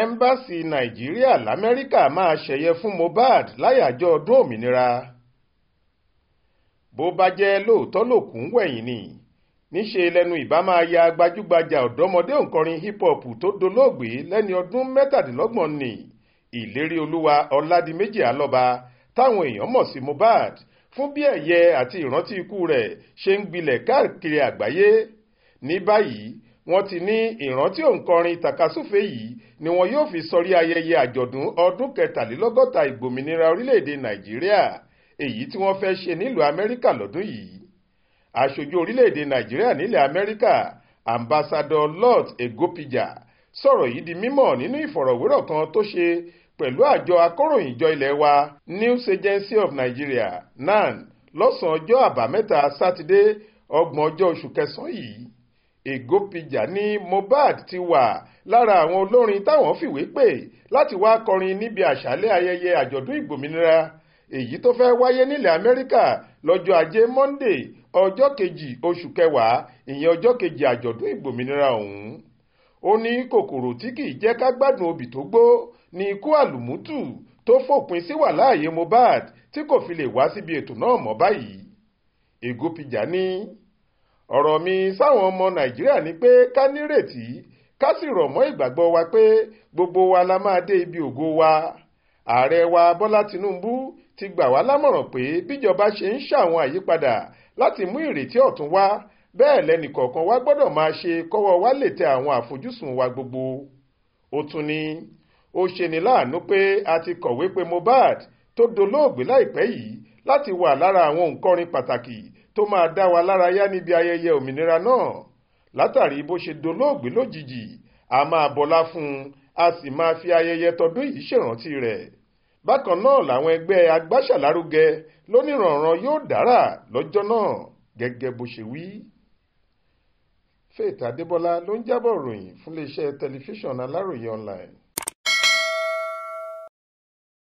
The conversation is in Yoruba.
ẹ́mbáàsì nàìjíríà lamẹ́ríkà máa ṣẹ̀yẹ fún Mohbad láyàjọ́ ọdún òmìnira bó bá jẹ́ lóòótọ́ lòkùn wẹ̀yìn ni níṣe lẹ́nu ìbá máa ya gbajúgbajà ọ̀dọ́mọdé òǹkọrin hip hop tó dolóògbé lẹ́ni ọdún mẹ́tàdínlọ́gbọ̀n ni ìlérí olúwa ọ̀làdìmẹ́jì alọ́ba táwọn èèyàn mọ̀ sí Mohbad fún bí ẹ̀yẹ àti ìrántí ikú rẹ̀ ṣe ń gbilẹ̀ káàkiri àgbáyé ní báyìí wọ́n ti ní ìrántí òǹkọrin tàkasúfè yìí ni wọn yóò fi sọrí ayẹyẹ àjọ̀dún ọdún kẹtàlélọ́gọ́ta ìgbòmìnira orílẹ̀-èdè nàìjíríà èyí tí wọ́n fẹ́ ṣe nílùú amẹ́ríkà lọ́dún yìí aṣojú orílẹ̀-èdè nàìjíríà nílẹ̀ amẹ́ríkà ambassador lot egopija sọ̀rọ̀ yìí di mímọ̀ nínú ìfọ̀rọ̀wérọ̀ kan tó ṣe pẹ̀lú àjọ akọ̀ròyìnjọ ilẹ̀ wa news agency of nigeria nan lọ́sàn-án ọjọ́ àbámẹ́ta sátidé ọgbọ̀n ọjọ́ oṣù kẹsàn-án yìí Ìgópijá ní Mohbad ti wà lára àwọn olórin táwọn fìwé pè láti wá kọrin níbi àṣálẹ́ ayẹyẹ àjọ̀dún ìgbòmìnira èyí tó fẹ́ wáyé nílẹ̀ Amẹ́ríkà lọ́jọ́ ajé Monday ọjọ́ kejì oṣù kẹwàá ìyẹn ọjọ́ kejì àjọ̀dún ìgbòmìnira ọ̀hún ó ní kòkòrò tí kì í jẹ́ ká gbádùn obì tó gbó ní ikú àlùmútù tó fòpin sí wàláàyè Mohbad tí kò fi lè wá síbi ètò náà mọ́ báyìí Ìgópijá ní ọ̀rọ̀ mi sáwọn ọmọ nàìjíríà ni pé ká nírètí ká sì rọ̀ mọ́ ìgbàgbọ́ wa pé gbogbo wa la máa dé ibi ògo wa ààrẹ wa bọ́lá tinubu ti gbà wá lámọ̀ràn pé bíjọba ṣe ń ṣàwọn àyípadà láti mú ìrètí ọ̀tun wá bẹ́ẹ̀ lẹ́nìkọ̀ọ̀kan wa gbọ́dọ̀ máa ṣe kọ́wọ́ wa lè tẹ àwọn àfojúsùn wa gbogbo ó tún ní ó ṣeni láàánú pé a ti kọ̀wé pé mohbad tó dolóògbé láìpẹ́ yìí láti wà lára àwọn òǹkọrin pàtàkì tó máa dá wa lárayá níbi ayẹyẹ òmìnira náà látàrí bó ṣe dolóògbé lójijì a máa bọlá fún un a sì máa fi ayẹyẹ tọdún yìí ṣèrántí rẹ̀ bákan náà làwọn ẹgbẹ́ agbáṣàlárúgẹ lónìrànràn yóò dára lọ́jọ́ náà gẹ́gẹ́ bó ṣe wí. Faith Adébọlá ló ń jábọ̀ ròyìn fún iléeṣẹ́ tẹlifíṣàn Aláròye online.